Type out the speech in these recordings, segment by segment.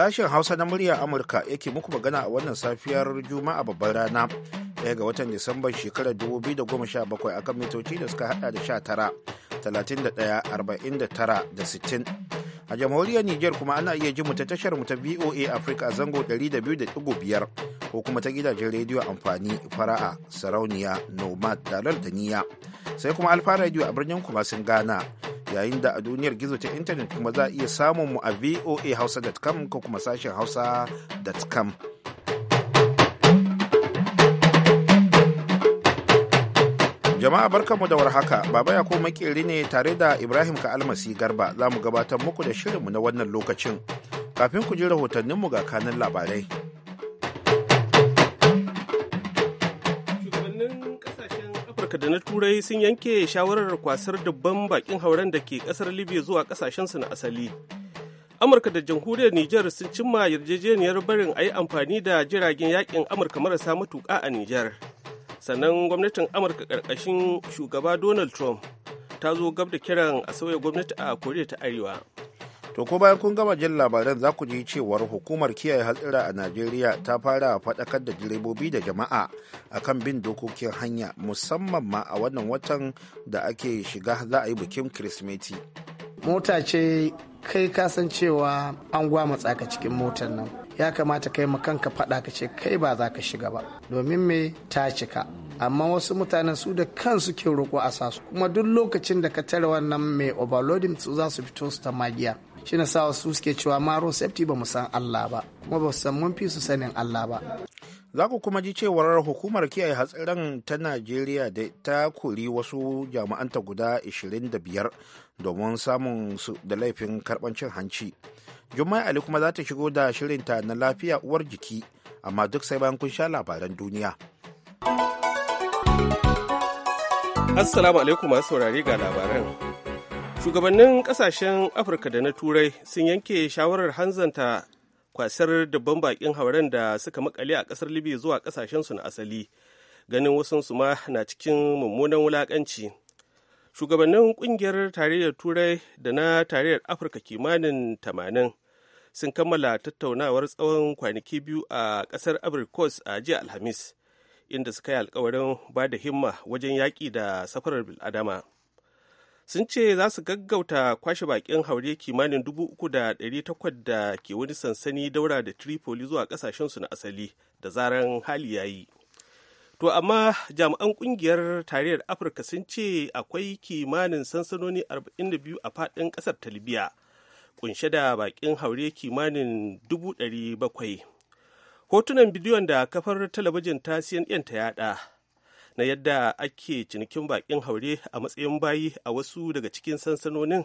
Sashen Hausa na murya Amurka yake muku magana a wannan safiyar Juma'a babbar rana daya ga watan Disamban shekarar 2017 akan mitoci da suka hada da 19, 31, 49 da 60. A jamhuriyar niger kuma ana iya ji mu ta tashar mu ta VOA Africa a zango 200.5 ko kuma ta gidajen rediyo amfani fara'a sarauniya nomad dalar da niya sai kuma alfa radio a birnin kuma sun gana yayin da a duniyar gizo ta intanet kuma za a iya samun mu a voahausa.com ko kuma sashen hausa.com jama'a barkanmu da warhaka baba ya kuma makeri ne tare da ibrahim ka almasi garba za mu gabatar muku da shirinmu na wannan lokacin kafin ku ji rahotanninmu ga kanin labarai amurka da na turai sun yanke shawarar kwasar dubban bakin hauren da ke kasar libya zuwa su na asali amurka da jamhuriyar Nijar sun cimma yarjejeniyar barin a yi amfani da jiragen yakin amurka marasa matuƙa a Nijar. sannan gwamnatin amurka ƙarƙashin shugaba donald trump ta zo gab da kiran a sauya gwamnati a koriya ta arewa To ko bayan kun gama jin labaran za ku ji cewar hukumar kiyaye hatsira a Najeriya ta fara faɗakar da direbobi da jama'a a kan bin dokokin hanya musamman ma a wannan watan da ake shiga za a yi bikin Kirsimeti. Mota ce kai kasan cewa an gwama ka cikin motar nan. Ya kamata kai makanka faɗa ka ce kai ba za ka shiga ba domin me ta cika. amma wasu mutanen su da kansu ke roƙo a sasu kuma duk lokacin da ka tare wannan mai overloading su za su fito su ta magiya shi na sa su suke cewa maro safety ba mu san Allah ba kuma ba san mun fi su sanin Allah ba za ku kuma ji cewar hukumar kiyaye hatsarin ta najeriya da ta kori wasu jami'anta guda 25 domin samun su da laifin karban cin hanci juma'a ali kuma za ta shigo da shirinta na lafiya uwar jiki amma duk sai bayan kun sha labaran duniya assalamu alaikum masu saurari ga labaran shugabannin kasashen afirka da na turai sun yanke shawarar hanzanta kwasar dabban bakin hauren da suka makale a kasar libya zuwa kasashensu na asali ganin wasu ma na cikin mummunan wulakanci shugabannin kungiyar tarayyar turai da na tarayyar afirka kimanin tamanin sun kammala tattaunawar tsawon kwanaki biyu a kasar abricos a jiya alhamis inda suka yi alkawarin ba da himma wajen yaƙi da safarar biladama. sun ce za su gaggauta kwashe bakin haure kimanin dubu uku da ɗari takwas da ke wani sansani daura da tripoli zuwa ƙasashensu na asali da zaran hali ya yi to amma jami'an ƙungiyar tarayyar afirka sun ce akwai kimanin sansanoni biyu a faɗin ƙasar ta libya kunshe da bakin haure kimanin dubu ɗari bakwai hotunan bidiyon da kafar talabijin ta cnn ta yada na yadda ake cinikin bakin haure a matsayin bayi a wasu daga cikin sansanonin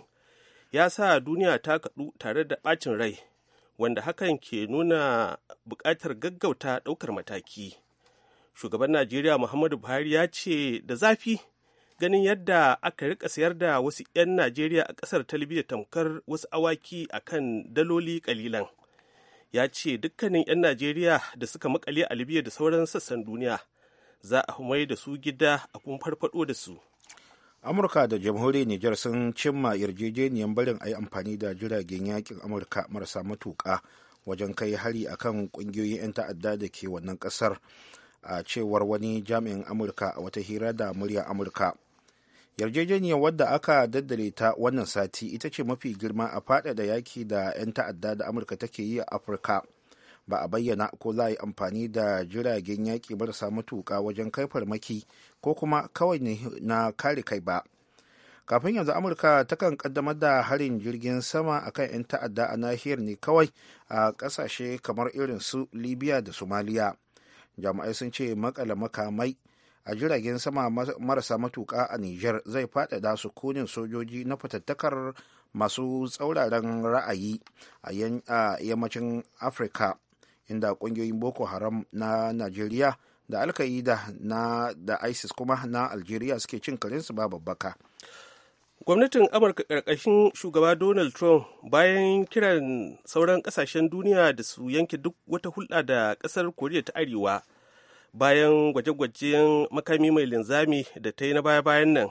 ya sa duniya ta kaɗu tare da ɓacin rai wanda hakan ke nuna buƙatar gaggauta ɗaukar mataki shugaban najeriya muhammadu buhari ya ce da zafi ganin yadda aka rika sayar da wasu 'yan najeriya a ƙasar ta tamkar wasu awaki a kan daloli ƙalilan, ya ce dukkanin 'yan najeriya da suka makale a libya da sauran sassan duniya za a mai da su gida a kuma farfado da su amurka da jamhuri nijar sun cimma yarjejeniyar barin a yi amfani da jiragen yakin amurka marasa matuƙa wajen kai hari a kan ƙungiyoyin 'yan ta'adda da ke wannan ƙasar a cewar wani jami'in amurka a wata hira da murya amurka yarjejeniyar wadda aka daddare ta wannan sati ita ce mafi girma a faɗaɗa yaki da 'yan ta'adda da amurka take yi a afirka ba a bayyana ko za a yi amfani da jiragen yaƙi marasa matuƙa wajen kai farmaki ko kuma kawai na kare kai ba kafin yanzu amurka takan kaddamar da harin jirgin sama a kan 'yan ta'adda a nahiyar ne kawai a ƙasashe kamar irin su libya da somaliya jami'ai sun ce makala makamai a jiragen sama marasa matuƙa a niger zai faɗaɗa su kunin sojoji na fatattakar masu tsauraran ra'ayi a yammacin afirka inda ƙungiyoyin boko haram na najeriya da alkaida na da isis kuma na algeria suke cin su ba babbaka gwamnatin amurka karkashin shugaba donald trump bayan kiran sauran kasashen duniya da su yanke duk wata hulɗa da ƙasar koriya ta arewa bayan gwaje-gwajen makami mai linzami da ta yi na baya-bayan nan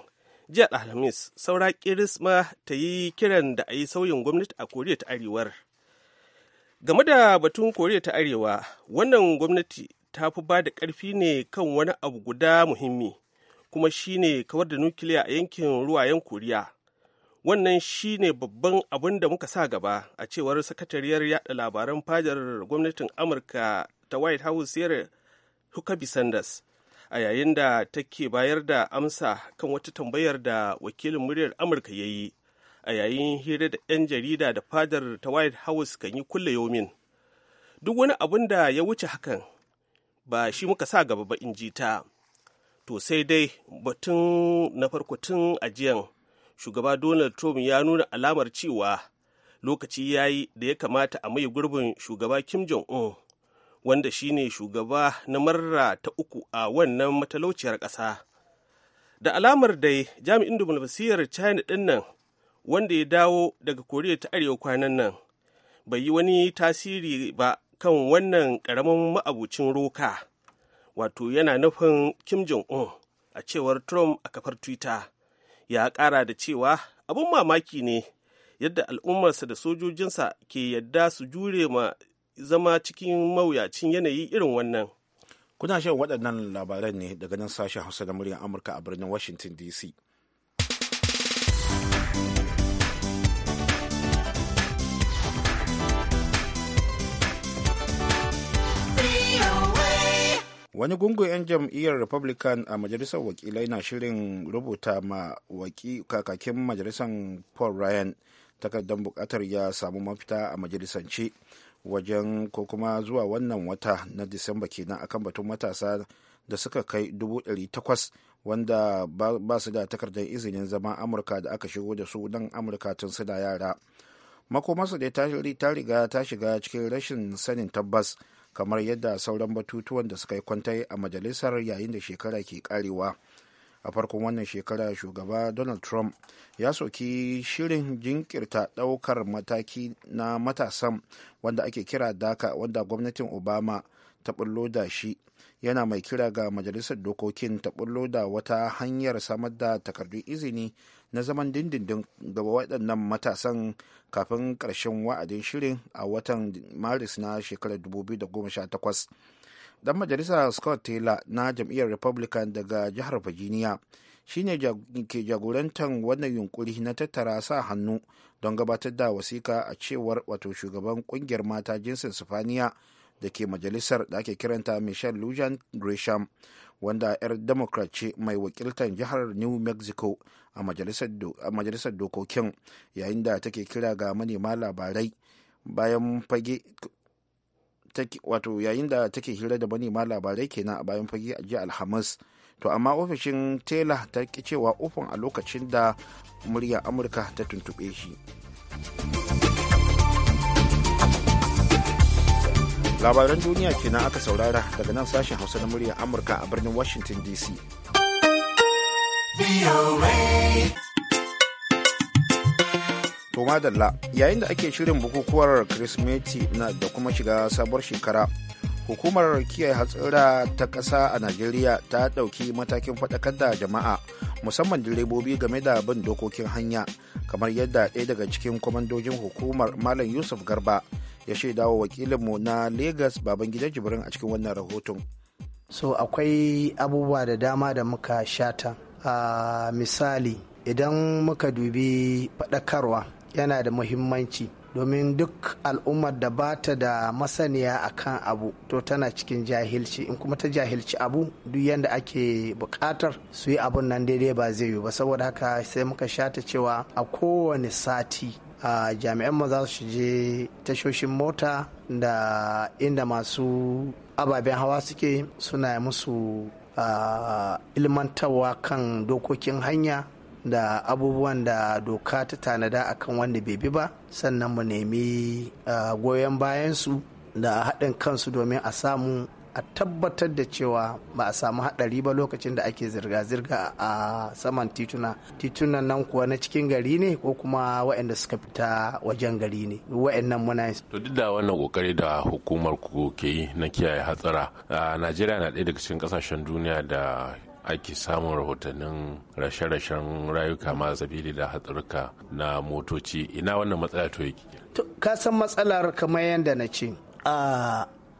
jiya alhamis saura kirisma ta yi kiran da a yi sauyin gwamnati a koriya ta arewar game da batun koriya ta arewa wannan gwamnati ta fi ba da ƙarfi ne kan wani abu guda muhimmi kuma shine kawar da nukiliya a yankin ruwayen koriya wannan shine babban abin da muka sa gaba a cewar sakatariyar yada labaran fadar gwamnatin amurka ta white house sarah huckabee sanders a yayin da take bayar da amsa kan wata tambayar da wakilin muryar amurka ya yi a yayin hira da 'yan jarida da fadar ta white house kan yi kulle yomin duk wani abin da ya wuce hakan ba shi muka sa gaba ba in ji ta to sai dai batun na farko tun ajiyan shugaba donald trump ya nuna alamar cewa lokaci ya yi da ya kamata a mai gurbin shugaba kim jong-un wanda shine shugaba na marra ta uku a wannan matalauciyar ƙasa da alamar dai jami'in diflomasiyyar china ɗin nan wanda ya dawo daga koriya ta arewa kwanan nan bai yi wani tasiri ba kan wannan karamin ma'abucin roka wato yana nufin kim jong-un a cewar trump a kafar twitter ya kara da cewa abun mamaki ne yadda al'ummarsa da sojojinsa ke yadda su jure ma zama cikin mawuyacin yanayi irin wannan kuna shan waɗannan labaran ne daga nan sashen hausa na muryar amurka a birnin washington dc wani gungun 'yan jam'iyyar republican a majalisar wakilai na shirin rubuta ma kakakin majalisar paul ryan takardar bukatar ya samu mafita a majalisance wajen ko kuma zuwa wannan wata na disamba kenan akan batun matasa da suka kai 800 wanda ba su da takardar izinin zama amurka da aka shigo da su nan amurka tun suna yara makomarsu da ta riga ta shiga cikin rashin sanin tabbas kamar yadda sauran batutuwan da suka yi kwantai a majalisar yayin da shekara ke karewa a farkon wannan shekara shugaba donald trump ya soki shirin jinkirta daukar mataki na matasan wanda ake kira daka wanda gwamnatin obama ta bullo da shi yana mai kira ga majalisar dokokin ta bullo da wata hanyar samar da takardun izini na zaman dindindin ga waɗannan matasan kafin ƙarshen wa'adin shirin a watan maris na shekarar 2018 dan majalisa scott taylor na jam'iyyar republican daga jihar virginia shine ke jagorantar wannan yunkuri na tattara sa hannu don gabatar da wasika a cewar wato shugaban kungiyar mata jinsin sifaniya da ke majalisar da ake kiranta michelle lujan gresham wanda 'yar democrat ce mai wakiltar jihar new mexico a majalisar dokokin yayin da take kira ga manema labarai bayan fage wato yayin da take hira da manema labarai kenan a bayan fage a jiya alhamis to amma ofishin tela ta ki cewa ofin a lokacin da murya amurka ta tuntube shi labaran duniya kenan aka saurara daga nan sashen hausa na murya amurka a birnin washington dc to madalla yayin da ake shirin bukukuwar kirsimeti da kuma shiga sabuwar shekara hukumar kiyaye hatsira ta ƙasa a najeriya ta ɗauki matakin faɗakar da jama'a musamman direbobi game da bin dokokin hanya kamar yadda ɗaya daga cikin kwamandojin hukumar malam yusuf garba ya shaida wa wakilinmu na Legas gidan Jibrin a cikin wannan rahoton. So akwai abubuwa da dama da muka shata. A misali, idan muka dubi faɗakarwa yana da muhimmanci domin duk al'ummar da ba ta da masaniya a kan abu to tana cikin jahilci in kuma ta jahilci abu duk yadda ake bukatar su yi abun nan daidai ba zai yi ba saboda haka sai muka shata cewa a kowane sati a jami'an mu za su je tashoshin mota da inda masu ababen hawa suke suna musu ilmantarwa kan dokokin hanya da abubuwan da doka ta tanada akan wanda bai bi ba sannan mu nemi goyon bayansu da haɗin kansu domin a samu a tabbatar da cewa ba a samu haɗari ba lokacin da ake zirga-zirga a saman tituna titunan nan kuwa na cikin gari ne ko kuma waɗanda suka fita wajen gari ne waɗannan muna to duk da wannan kokari da hukumar ku ke yi na kiyaye hatsara a najeriya na ɗaya daga cikin ƙasashen duniya da ake samun rahotannin rashe-rashen rayuka ma sabili da hatsarka na motoci ina wannan matsala to yake to ka san matsalar kamar yadda na ce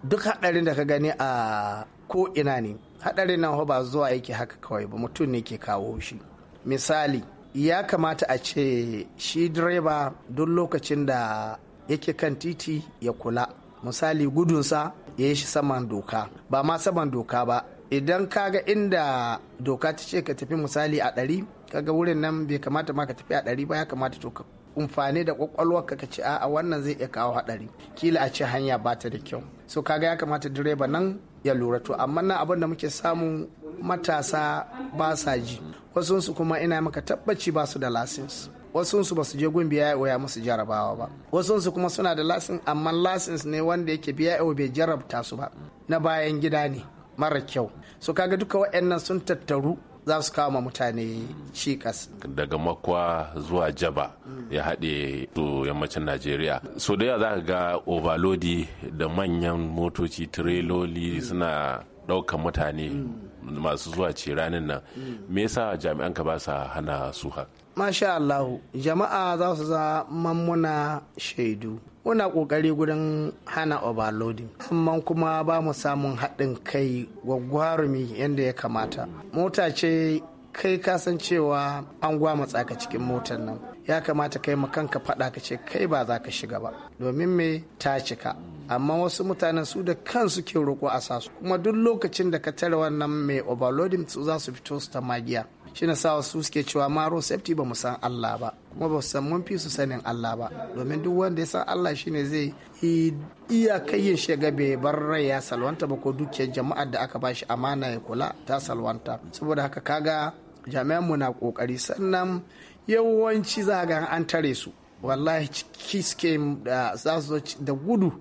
duk haɗarin da ka gani a ko ina ne haɗarin nan ba zuwa yake haka kawai ba mutum ne ke kawo shi misali ya kamata a ce shi direba duk lokacin da yake kan titi ya kula misali gudunsa ya yi shi saman doka ba ma saman doka ba idan ka ga inda doka ta ce ka tafi misali a ɗari kaga wurin nan bai kamata ma ka tafi a ɗari ba ya kamata to ka. umfani da kwakwalwar ka ce a wannan zai iya kawo hadari kila a ce hanya ba ta da kyau so kaga ya kamata direba nan ya lura to amma na abin da muke samu matasa ba sa ji wasunsu kuma ina maka tabbaci ba su da lasins wasunsu ba su je gun biya ya musu jarabawa ba su kuma suna da lasin amma lasins ne wanda yake biya bai jarabta su ba na bayan gida ne mara kyau so kaga duka waɗannan sun tattaru za su kama mutane shi kas. daga makwa zuwa jaba ya haɗe Su yammacin najeriya so da yawa za ka ga ovalodi da manyan motoci tireloli suna daukan mutane masu zuwa ce ranar nan me yasa jami'an ka ba sa hana su ha masha Allah jama'a za su zama muna shaidu muna kokari wurin hana overloading amma kuma ba mu samun haɗin kai gwagwarumi yadda ya kamata mota ce kai san cewa an gwama tsaka cikin motar nan ya kamata kai makanka faɗa ka ce kai ba za ka shiga ba domin me ta cika amma wasu mutanen su da kansu ke roƙo a sasu kuma duk lokacin da ka tare wannan mai overloading su za su fito su ta magiya shi na sa wasu suke cewa maro safety ba mu san Allah ba kuma ba su san mun fi su sanin Allah ba domin duk wanda ya san Allah shine zai iya kai yin shiga bai bar rai ya salwanta ba ko dukiyar jama'ar da aka bashi amana ya kula ta salwanta saboda haka kaga jami'an mu na kokari sannan yawanci za ga an tare su wallahi ciki suke eh, da gudu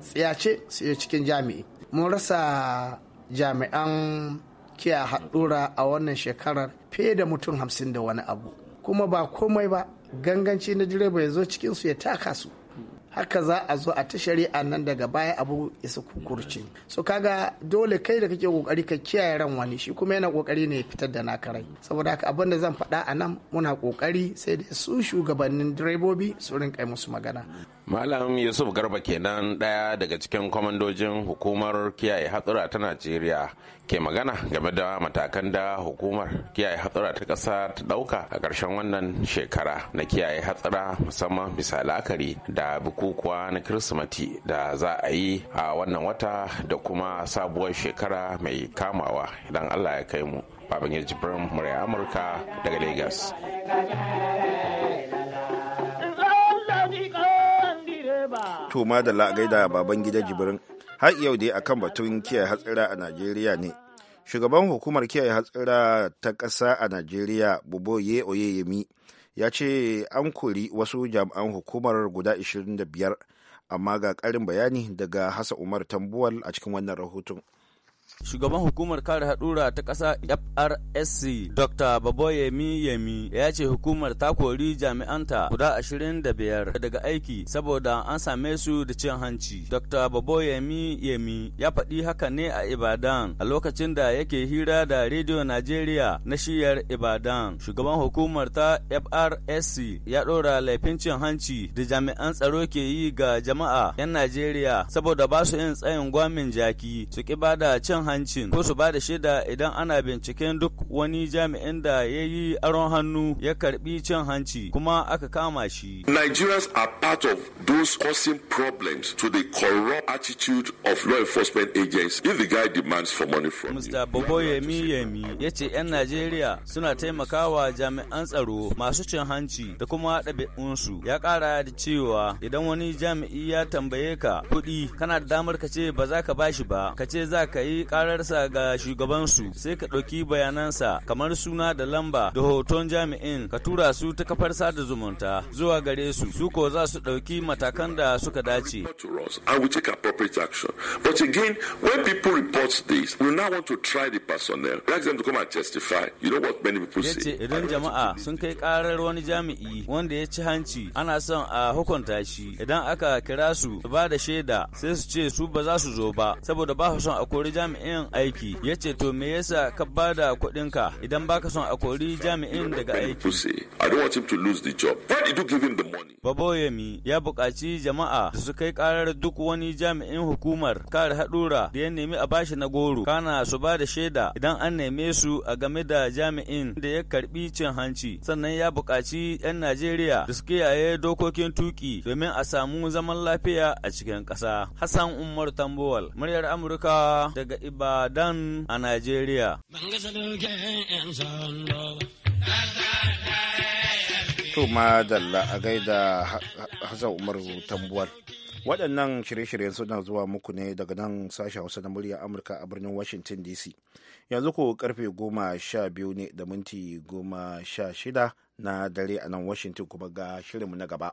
tsiyace su cikin jami'i mun rasa jami'an kiya haɗura a wannan shekarar fiye da mutum hamsin da wani abu kuma ba komai ba ganganci na direba ya zo cikinsu ya taka su haka za a zo a ta shari'a nan daga baya abu isa kukurce so kaga dole kai da kake kokari ka kiyaye ran wani shi kuma yana kokari ne ya fitar da naka rai saboda haka abin da zan faɗa a nan muna kokari sai da su shugabannin direbobi su rinka musu magana Malam Yusuf Garba kenan ɗaya daga cikin kwamandojin hukumar kiyaye hatsura ta Najeriya ke magana game da matakan da hukumar kiyaye hatsura ta ƙasa ta ɗauka a ƙarshen wannan shekara na kiyaye hatsura musamman bisa la'akari da bukukuwa na Kirsimati da za a yi a wannan wata da kuma sabuwar shekara mai kamawa idan Allah ya kai mu. Babangir Jibrin murya Amurka daga Lagos. to da la'agaida baban gida jibirin har yau dai akan batun kiyaye hatsira a najeriya ne shugaban hukumar kiyaye hatsira ta ƙasa a najeriya buboye oyeyemi ya ce an kori wasu jami'an hukumar guda 25 amma ga ƙarin bayani daga hasa umar tambuwal a cikin wannan rahoton shugaban hukumar kare haɗura ta ƙasa FRSC Dr. Baboyemi Yemi ya ce hukumar ta kori jami'anta guda ashirin da biyar daga aiki saboda an same su da cin hanci. Dr. Baboyemi Yemi ya faɗi haka ne a Ibadan a lokacin da yake hira da Radio Najeriya na shiyar Ibadan. Shugaban hukumar ta FRSC ya ɗora laifin cin hanci da jami'an tsaro ke yi ga jama'a 'yan Najeriya saboda ba su yin tsayin gwamin jaki su ƙi bada cin hancin ko su ba da shaida idan ana binciken duk wani jami'in da ya yi aron hannu ya karbi cin hanci kuma aka kama shi. Nigerians are part of those causing problems to the corrupt attitude of law enforcement agents if the guy demands for money from Mr. you. Bobo Yemi Yemi ya ce 'yan Najeriya suna taimakawa jami'an tsaro masu cin hanci da kuma ɗabi'unsu. Ya ƙara da cewa idan wani jami'i ya tambaye ka kuɗi kana da damar ka ce ba za ka bashi ba ka ce za ka yi kararsa ga shugabansu sai ka ɗauki bayanansa kamar suna da lamba da hoton jami'in ka tura su ta kafar sada zumunta zuwa gare su su ko za su ɗauki matakan da suka dace. But the idan jama'a sun kai karar wani jami'i wanda ya ci hanci ana son a hukunta shi idan aka kira su ba da shaida sai su ce su ba za su zo ba saboda ba su son a kori jami'in jami'in aiki ya ce to me yasa ka ba da kuɗinka idan baka son a kori jami'in daga aiki Babo yami. ya buƙaci jama'a da su kai karar duk wani jami'in hukumar kare haɗura da ya nemi a bashi na goro kana su ba da shaida idan an neme su a game da jami'in da ya karbi cin hanci sannan ya buƙaci 'yan najeriya da su kiyaye dokokin tuki domin a samu zaman lafiya a cikin ƙasa hassan umar tambowal muryar amurka daga Ibrahim. Ibadan a Najeriya. To madalla a gaida Hassan Umar tambuwar. Waɗannan shirye-shiryen suna zuwa muku ne daga nan sashen Hausa na murya Amurka a birnin Washington DC. Yanzu ko karfe goma sha biyu ne da minti goma sha shida na dare a nan Washington kuma ga shirinmu na gaba.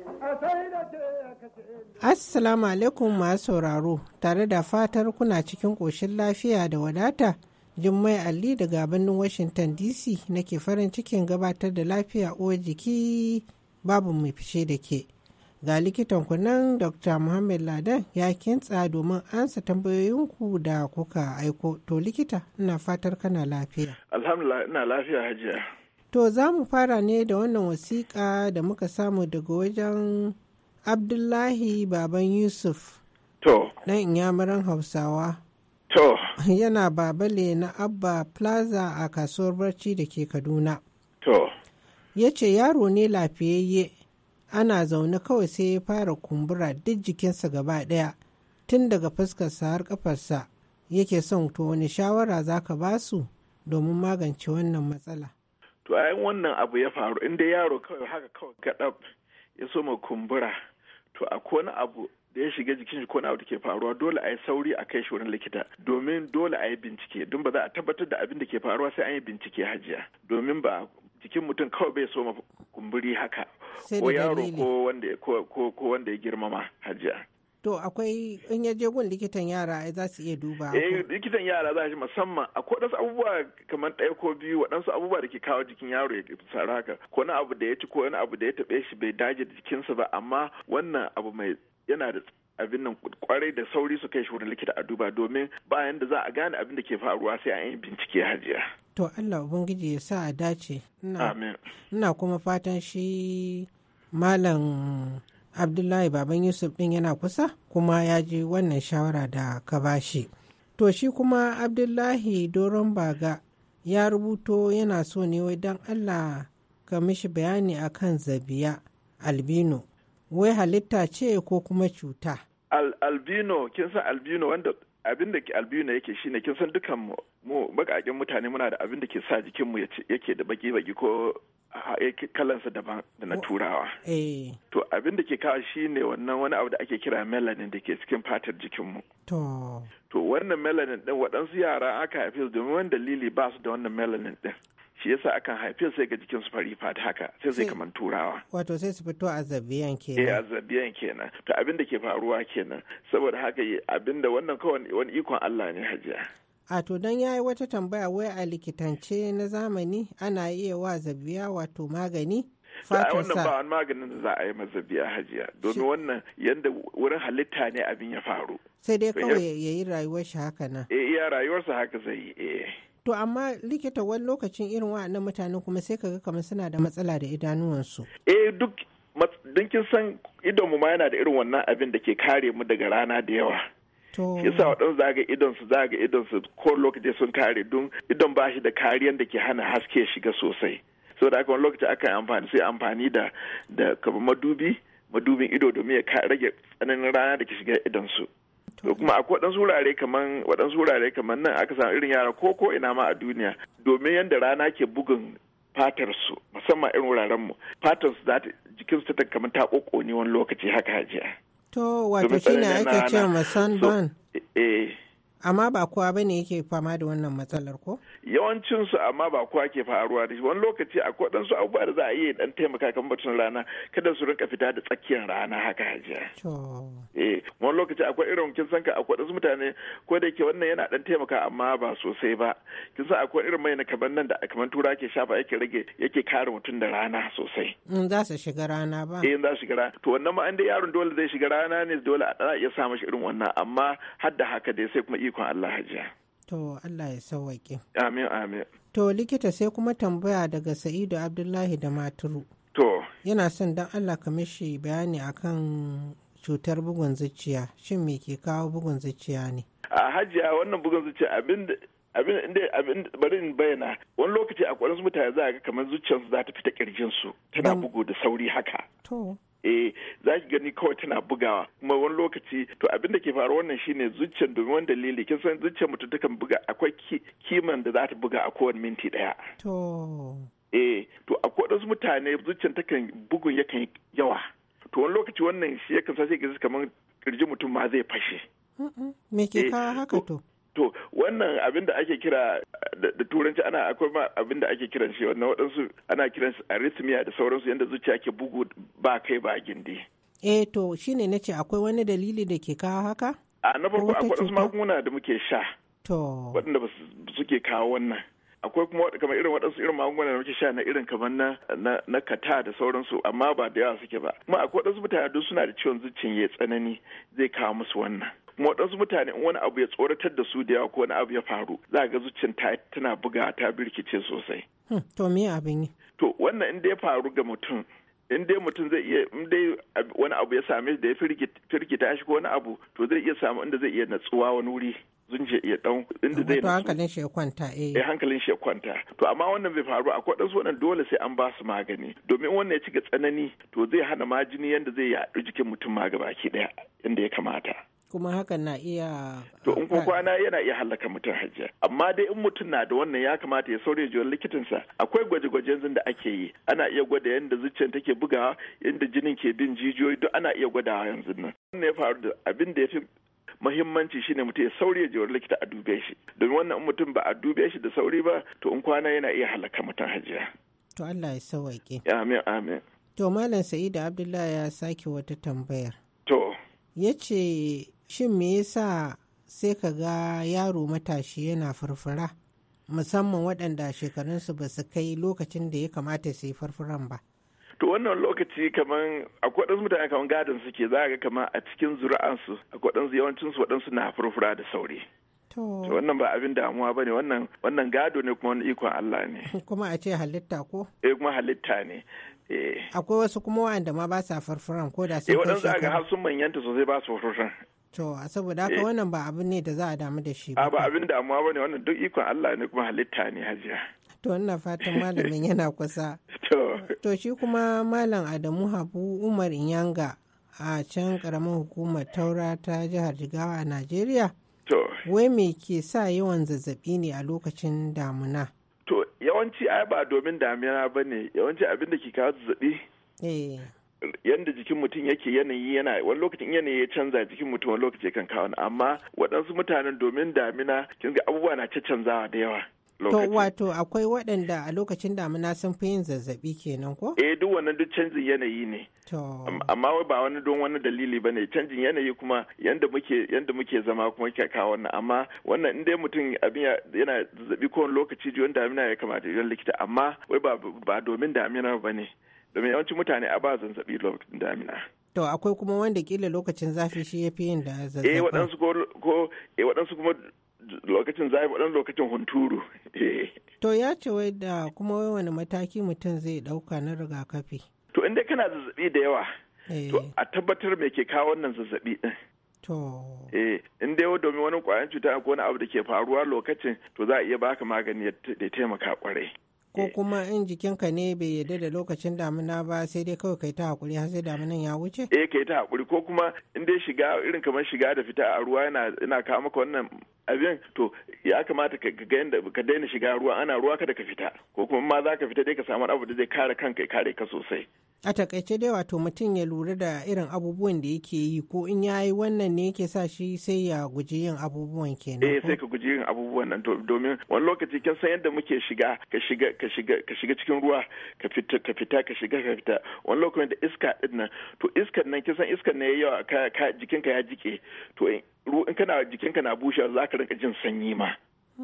Assalamu alaikum masu sauraro tare da fatar kuna cikin ƙoshin lafiya da wadata. Jummai Ali daga birnin Washington DC nake farin cikin gabatar da lafiya uwar jiki babu mai fice da ke. Ga likitan kunan Dr. Muhammad Ladan ya kintsa domin ansa tambayoyinku da kuka aiko. To likita, ina fatar kana lafiya. Alhamdulillah ina lafiya hajiya. To za mu fara ne da wannan wasiƙa da muka samu daga wajen Abdullahi Baban Yusuf. To. Na inyamuran Hausawa. To. Yana babale na Abba Plaza a kasuwar barci da ke Kaduna. To. Ya ce yaro ne lafiyayye ana zaune kawai sai ya fara kumbura duk jikinsa gaba ɗaya tun daga fuskarsa har ƙafarsa yake son to wani shawara za ka basu domin magance wannan matsala. to ai wannan abu ya faru inda yaro kawai haka kawai kaɗab ya so ma kumbura to a wani abu da ya shiga jikin shi ko abu da ke faruwa dole a yi sauri a kai shi wurin likita domin dole a yi bincike don ba za a tabbatar da abin da ke faruwa sai an yi bincike hajiya domin ba jikin mutum kawai bai so ma kumburi haka ko yaro ko wanda ya girmama hajiya To akwai in ya je gun likitan yara za su iya duba. Eh likitan yara za shi musamman akwai wasu abubuwa kamar ɗaya ko biyu waɗansu abubuwa da ke kawo jikin yaro ya tsara haka ko wani abu da ya ci ko wani abu da ya taɓe shi bai daje da jikinsa ba amma wannan abu mai yana da abin nan kwarai da sauri su kai shi wurin likita a duba domin bayan da za a gane abin da ke faruwa sai a yi bincike hajiya. To Allah Ubangiji ya sa a dace. Ina kuma fatan shi Malam abdullahi baban yusuf ɗin yana kusa kuma ya ji wannan shawara da ka bashi to shi kuma abdullahi doron baga ya rubuto yana so ne wai don allah ka mishi bayani akan zabiya albino wai halitta ce ko kuma cuta al albino kin albino wanda abin da albiyu na yake shine kin san dukan mu bakakin mutane muna da abin da ke sa jikin mu yake da baki baki ko eh, kalansa daban da na turawa eh. to abin da ke kawo shine wannan wani abu da ake kira melanin da ke cikin fatar jikin mu to wannan melanin din waɗansu yara aka haife domin wani dalili ba su da wannan melanin din shi yasa akan haife sai ga jikin su fari fata haka sai sai kamar turawa wato sai su fito a zabiyan kenan eh a zabiyan kenan to abin da ke faruwa kenan saboda haka abin da wannan kawai wani ikon Allah ne hajiya a to don ya yi wata tambaya wai a likitance na zamani ana iya wa zabiya wato magani fatarsa. wannan ba wani maganin da za a yi mazabiya hajiya domin wannan yadda wurin halitta ne abin ya faru. Sai dai kawai ya yi rayuwar shi haka nan. Eh iya rayuwarsa haka zai yi eh. To amma likita wani lokacin irin wa'annan mutane kuma sai ka ga kamar suna da matsala da idanuwansu. Eh duk dinkin san idon ma yana da irin wannan abin da ke kare mu daga rana da yawa. yasa waɗansu za ga idon su za ko lokaci sun kare don idon ba shi da kariyan da ke hana haske shiga sosai. So da haka wani lokaci aka amfani sai amfani da da madubi madubin ido domin ya rage tsananin rana da ke shiga idon su. to kuma akwai waɗansu wurare kaman waɗansu wurare kaman nan aka samu irin yara ko ko ina ma a duniya domin yadda rana ke bugun fatar su musamman irin wuraren mu fatar su zata jikin su ta kamar ta kokone wani lokaci haka hajiya to wato shine ake cewa masan ban eh amma ba kowa ba ne yake fama da wannan matsalar ko? yawancinsu amma ba kowa ke faruwa da shi wani lokaci a kodansu abubuwa da za a yi dan taimaka kan batun rana kada su rinka fita da tsakiyar rana haka hajiya. eh wani lokaci akwai irin kin san ka akwai wasu mutane ko da yake wannan yana dan taimaka amma ba sosai ba kin san akwai irin mai na kaman nan da kaman tura ke shafa yake rage yake kare mutum da rana sosai. in za su shiga rana ba. eh in za su shiga rana to wannan ma an dai yaron dole zai shiga rana ne dole a iya sa mashi irin wannan amma hadda haka dai sai kuma ikon Allah hajiya. To Allah ya sauwaƙe. Amin amin. To likita sai kuma tambaya daga Sa'idu Abdullahi da Maturu. To. Yana son don Allah ka mishi bayani akan cutar bugun zuciya. Shin me ke kawo bugun zuciya ne? A hajiya wannan bugun zuciya abin abin inda abin bari in bayyana wani lokaci a kwarin mutane za a ga kamar zuciyarsu za ta fita su tana mm. bugu da sauri haka. e za ki gani kawai tana bugawa kuma wani lokaci to abin da ke faru wannan shine zuciyar domin wani dalili kin san zuciyar mutum takan buga akwai kiman da za ta buga a kowane minti daya to eh, to akwai wasu mutane zuciyar takan bugun yakan yawa to wani lokaci wannan shi yakan sa sai ga kamar kirji mutum ma zai fashe me ke eh, kawo haka to To wannan abin da ake kira da turanci ana akwai ma abin da ake kiran shi wannan waɗansu ana kiran su arrhythmia da sauransu yadda zuciya ke bugu ba kai ba gindi. Eh to shine na ce akwai wani dalili da ke kawo haka? A na farko akwai wasu magunguna da muke sha. To. Waɗanda ba suke kawo wannan. akwai kuma kamar irin waɗansu irin magunguna da muke sha na irin kamar na na kata da sauransu amma ba da yawa suke ba kuma akwai waɗansu mutane duk suna da ciwon zuciya ya tsanani zai kawo musu wannan waɗansu mutane wani abu ya tsoratar da su da yawa ko wani abu ya faru za ga zuciyar ta tana buga ta birkice sosai. Hmm, to me abin yi? To wannan in ya faru ga mutum in dai mutum zai iya in dai wani abu ya same shi da ya firgita shi ko wani abu to zai iya samu inda zai iya natsuwa wani wuri zunje iya dan inda zai natsu. hankalin shi ya kwanta eh. Eh hankalin shi ya kwanta. To amma wannan bai faru akwai dan wannan dole sai an ba su magani domin wannan ya ci ga tsanani to zai hana majini yanda zai yaɗu jikin mutum ma ki daya inda ya kamata. kuma hakan na iya to in ko kwana yana iya halaka mutum Hajiya. amma dai in mutum na da wannan ya kamata ya saurayi jiwon likitinsa akwai gwaje-gwajen da ake yi ana iya gwada yadda zuciyar take bugawa yadda jinin ke bin jijiyoyi duk ana iya gwadawa yanzu nan wannan ya faru da abin da ya fi muhimmanci shine mutum ya sauri jiwon likita a dube shi domin wannan in mutum ba a dube shi da sauri ba to in kwana yana iya halaka mutum hajiya to Allah ya sawaike amin amin to malam sa'idu abdullahi ya sake wata tambayar to Ya ce. shin me yasa sai ka ga yaro matashi yana farfara musamman waɗanda shekarunsu ba su kai lokacin da ya kamata su yi farfaran ba to wannan lokaci kaman akwai waɗansu mutane kaman gadon suke za ga kama a cikin zuri'ansu akwai waɗansu yawancinsu waɗansu na furfura da sauri To wannan ba abin damuwa ba ne wannan gado ne kuma wani ikon Allah ne. Kuma a ce halitta ko? Eh kuma halitta ne. Eh. Akwai wasu kuma wa'anda ma ba sa farfuran ko da sun eh, kai shekaru. Eh waɗansu aka har sun manyanta sosai ba su farfuran. To, saboda haka eh. wannan ba abin ne da za a damu da shi ba. Ba abin damuwa ba ne wannan duk ikon Allah ne kuma halitta ne hajiya. To, ina fatan malamin yana kusa. To. To, shi kuma malam Adamu Habu Umar Inyanga a can karamin hukumar taura ta jihar Jigawa a Najeriya. To. Wai me ke sa yawan zazzabi ne a lokacin damuna? To, yawanci ai ba domin damina ba ne, yawanci abin da ke kawo zazzabi. Eh. yanda jikin mutum yake yanayi yana wani lokacin yanayi ya canza jikin mutum wani lokaci kan kawo amma waɗansu mutanen domin damina kin ga abubuwa na canzawa da yawa To wato akwai waɗanda a lokacin damina sun fi yin zazzabi kenan ko? Eh duk wannan duk canjin yanayi ne. To. Amma ba wani don wani dalili ba ne canjin yanayi kuma yanda muke yanda muke zama kuma ke kawo wannan amma wannan in dai mutum abin yana zazzabi wani lokaci jiyon damina ya kamata jiyon likita amma wai ba domin damina ba ne. domin yawancin mutane a ba zazzabi lokacin damina to akwai kuma wanda kila lokacin zafi shi ya fi yin da zazzabi eh waɗansu ko eh waɗansu kuma lokacin zafi waɗansu lokacin hunturu eh. to ya ce wai da kuma wai wani mataki mutum zai ɗauka na rigakafi to inda kana zazzabi da yawa eh. to a tabbatar me ke kawo wannan zazzabi din To. Eh, in dai domin wani ƙwayan cuta ko wani abu da ke faruwa lokacin to za a iya baka magani da taimaka ƙwarai. ko eh. kuma in jikinka ne bai yarda da lokacin damina ba sai dai kawai kai ta hakuri har sai daminan ya wuce eh kai ta hakuri ko kuma in dai shiga irin kamar shiga da fita a ruwa yana ina kawo maka wannan abin to ya kamata ka ga yanda ka daina shiga ruwa ana ruwa kada ka fita ko kuma ma za ka fita dai ka samu abu da zai kare kanka ya kare ka sosai a takaice dai wato mutum ya lura da irin abubuwan da yake yi ko in ya yi wannan ne yake sa shi sai ya guji yin abubuwan kenan eh sai ka guji yin abubuwan nan domin wani lokaci kin san yadda muke shiga ka shiga ka shiga ka shiga cikin ruwa ka fita ka fita ka shiga ka fita wani lokacin da iska din nan to iskar nan kin san iskar ne yawa ka jikinka ya jike to in kana jikinka na bushewa za ka rinka jin sanyi ma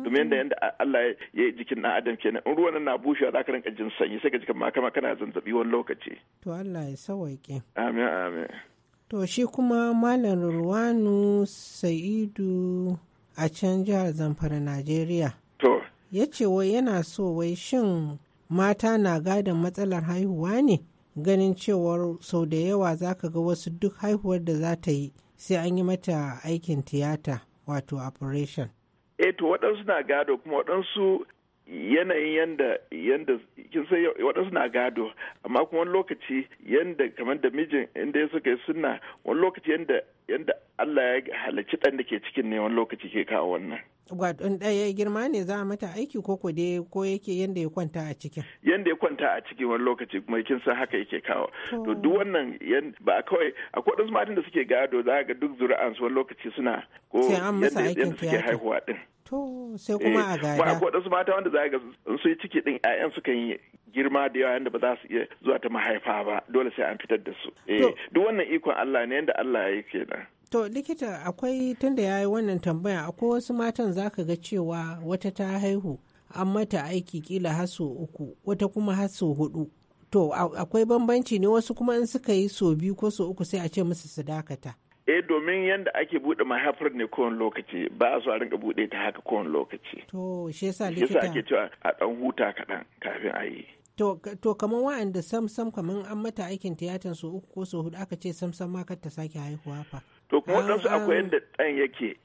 domin yadda yadda Allah ya yi jikin ɗan adam kenan in ruwan na bushewa za ka rinka jin sanyi sai ka jikin ma kama kana zanzabi wani lokaci to Allah ya sawaike amin amin to shi kuma malam Ruwanu Sa'idu a can jihar Zamfara Najeriya to ya ce wai yana so wai shin mata na gadon matsalar haihuwa ne ganin cewar sau da yawa za ka ga wasu duk haihuwar da za ta yi sai an yi mata aikin tiyata wato operation eh to waɗansu na gado kuma waɗansu yanayin yanda yanda kin sai waɗansu na gado amma kuma wani lokaci yanda kamar da mijin inda ya suka yi suna wani lokaci yanda yanda Allah ya halacci ɗan da ke cikin ne wani lokaci ke kawo wannan gwadon ɗaya girma ne za a mata aiki ko ko dai ko yake yanda ya kwanta a cikin yanda ya kwanta a cikin wani lokaci kuma kin san haka yake kawo to duk wannan ba kawai akwai wadansu matan da suke gado za ga duk zuri'an su wani lokaci suna ko yanda suke haihuwa din to sai kuma eh, a gada ba akwai su mata wanda za ga su yi ciki din ƴaƴan su kan yi girma da yawa yanda ba za su iya zuwa ta mahaifa ba dole sai an fitar da su eh duk wannan ikon Allah ne yanda Allah yake nan To likita akwai tunda ya yi wannan tambaya akwai wasu matan za ka ga cewa wata ta haihu an mata aiki kila haso uku wata kuma haso hudu. To akwai bambanci ne wasu kuma in suka yi so biyu ko so uku sai a ce musu su dakata. E domin yadda ake buɗe mahaifar ne kowane lokaci ba a so a rinka buɗe ta haka kowane lokaci. To shi yasa likita. Yasa ake cewa a ɗan huta kaɗan kafin a yi. To, to kamar wa'anda sam sam kamar an mata aikin tiyatan su uku ko su hudu aka ce sam sam ma kar ta sake haihuwa fa. to kuma ah, waɗansu akwai ah. yadda ɗan yake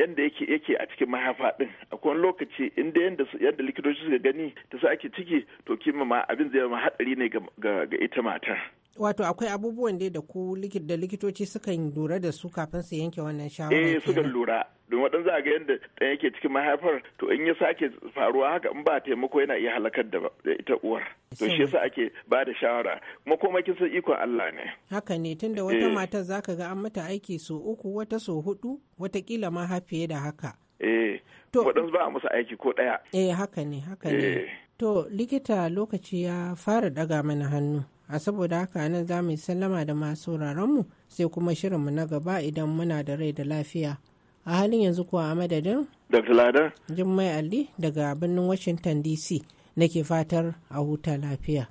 yadda yake yake a cikin mahaifa ɗin akwai lokaci inda yadda yanda likitoci suka gani ta sa ake ciki to kima ma abin zai ma hatsari ne ga ita matar wato akwai abubuwan dai da ku da likitoci sukan lura da su kafin su yanke wannan shawara eh sukan lura don waɗanda za a ga yadda ɗan yake cikin mahaifar to in ya sake faruwa haka in ba taimako yana iya halakar da ita uwar to shi yasa ake ba da shawara kuma komai kin san ikon Allah ne haka ne tunda wata eh. matar zaka ga an mata aiki so uku wata so hudu kila ma har fiye da haka eh waɗansu ba a musu aiki ko ɗaya eh haka ne haka ne eh. to likita lokaci ya fara daga mana hannu a saboda haka nan za mu sallama da masu mu sai kuma shirinmu na gaba idan muna da rai da lafiya a halin yanzu kuwa a madadin dr ladar jummai ali daga birnin washington dc nake fatar a huta lafiya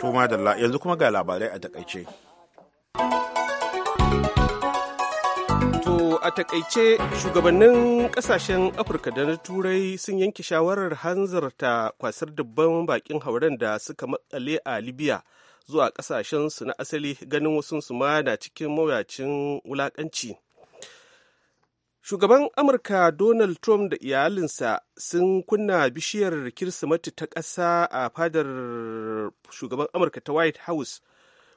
To madalla yanzu kuma ga labarai a takaice. a takaice shugabannin kasashen Afirka da na Turai sun yanke shawarar hanzarta kwasar dubban bakin hauren da suka matsale a Libya zuwa su na asali ganin wasu su ma na cikin mawuyacin wulakanci. Shugaban Amurka Donald Trump da iyalinsa sun kunna bishiyar Kirsimeti ta ƙasa a fadar shugaban Amurka ta White House.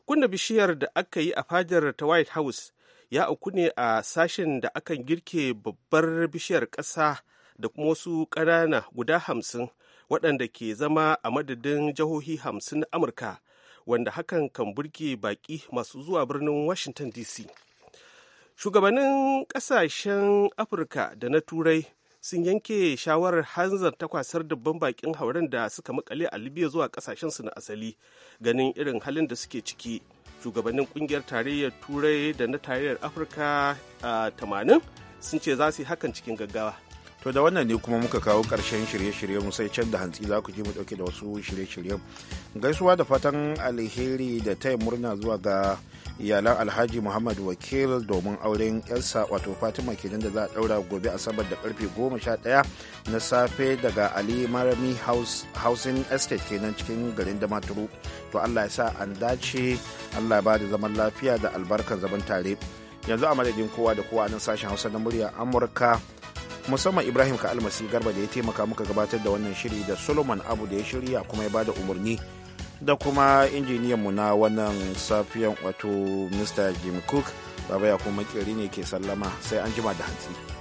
Kunna bishiyar da aka yi a fadar ta White House ya auku ne a sashen da akan girke babbar bishiyar ƙasa da kuma wasu ƙanana guda hamsin waɗanda ke zama a madadin jihohi hamsin na amurka wanda hakan kan burge baƙi masu zuwa birnin washington dc shugabannin ƙasashen afirka da na turai sun yanke shawarar hanzar takwasar kwasar dubban bakin hauren da suka makale a libya zuwa kasashensu na asali ganin irin halin da suke ciki shugabannin kungiyar tarayyar turai da na tarayyar afirka 80 ah, sun ce za su yi hakan cikin gaggawa to da wannan ne kuma muka kawo ƙarshen shirye-shirye mu sai can da hantsi za ku ji mu ɗauke da wasu shirye-shiryen gaisuwa da fatan alheri da taya murna zuwa ga iyalan alhaji muhammad wakil domin auren yarsa wato fatima kenan da za a ɗaura gobe a asabar da karfe ɗaya na safe daga ali marami housing estate kenan cikin garin da maturu to allah ya sa an dace allah ba da zaman lafiya da albarkar zaman tare yanzu a madadin kowa da kowa nan sashen hausa na murya amurka musamman ibrahim ka almasi garba da ya taimaka muka gabatar da wannan shiri da solomon abu da ya shirya kuma ya bada umarni da kuma injiniyan mu na wannan safiyan wato mr jim cook baba ya kuma ne ke sallama sai an jima da hantsi.